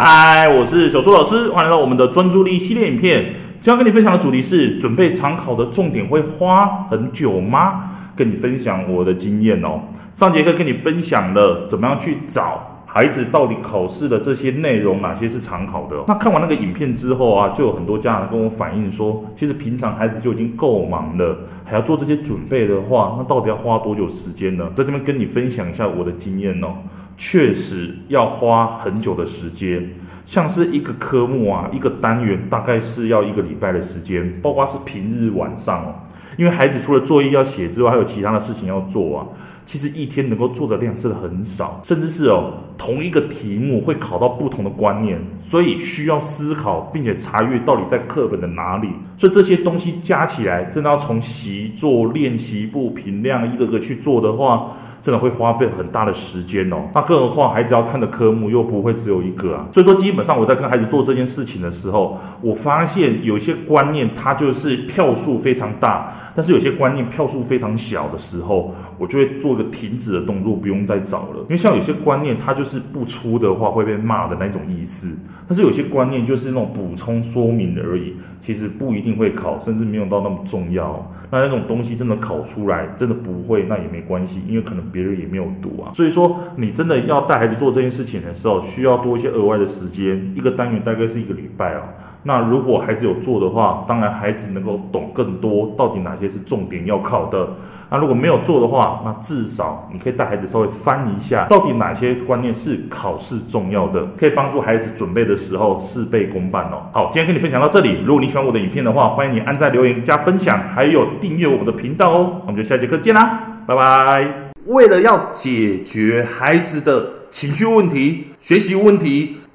嗨，我是小蘇老師，歡迎來到我們的專注力系列影片。今天要跟你分享的主題是：準備常考的重點會花很久嗎？跟你分享我的經驗哦。上節課跟你分享了怎麼樣去找。孩子到底考試的這些內容哪些是常考的？那看完那個影片之後啊，就有很多家長跟我反映說，其實平常孩子就已經夠忙了，還要做這些準備的話，那到底要花多久時間呢？在這邊跟你分享一下我的經驗哦，確實要花很久的時間，像是一個科目啊，一個單元大概是要一個禮拜的時間，包括是平日晚上哦。因為孩子除了作業要寫之外，還有其他的事情要做啊。其實一天能夠做的量真的很少，甚至是哦，同一個題目會考到不同的觀念，所以需要思考並且查閱到底在課本的哪裡。所以這些東西加起來，真的要從習作練習簿、評量一個個去做的話。真的會花費很大的時間哦，那更何況孩子要看的科目又不會只有一個啊，所以說基本上我在跟孩子做這件事情的時候，我發現有些觀念它就是票數非常大，但是有些觀念票數非常小的時候，我就會做一個停止的動作，不用再找了，因為像有些觀念它就是不出的話會被罵的那種意思。但是有些觀念就是那種補充說明的而已，其實不一定會考，甚至沒有到那麼重要。那那種東西真的考出來，真的不會，那也沒關係，因為可能別人也沒有讀啊。所以說，你真的要帶孩子做這件事情的時候，需要多一些額外的時間，一個單元大概是一個禮拜哦、啊。那如果孩子有做的話，當然孩子能夠懂更多到底哪些是重點要考的。那如果沒有做的話，那至少你可以帶孩子稍微翻一下，到底哪些觀念是考試重要的，可以幫助孩子準備的時候事半功倍。哦。好，今天跟你分享到這裡。如果你喜歡我的影片的話，歡迎你按讚、留言、加分享，還有訂閱我們的頻道哦。我們就下節課見啦，拜拜。為了要解決孩子的情緒問題、學習問題，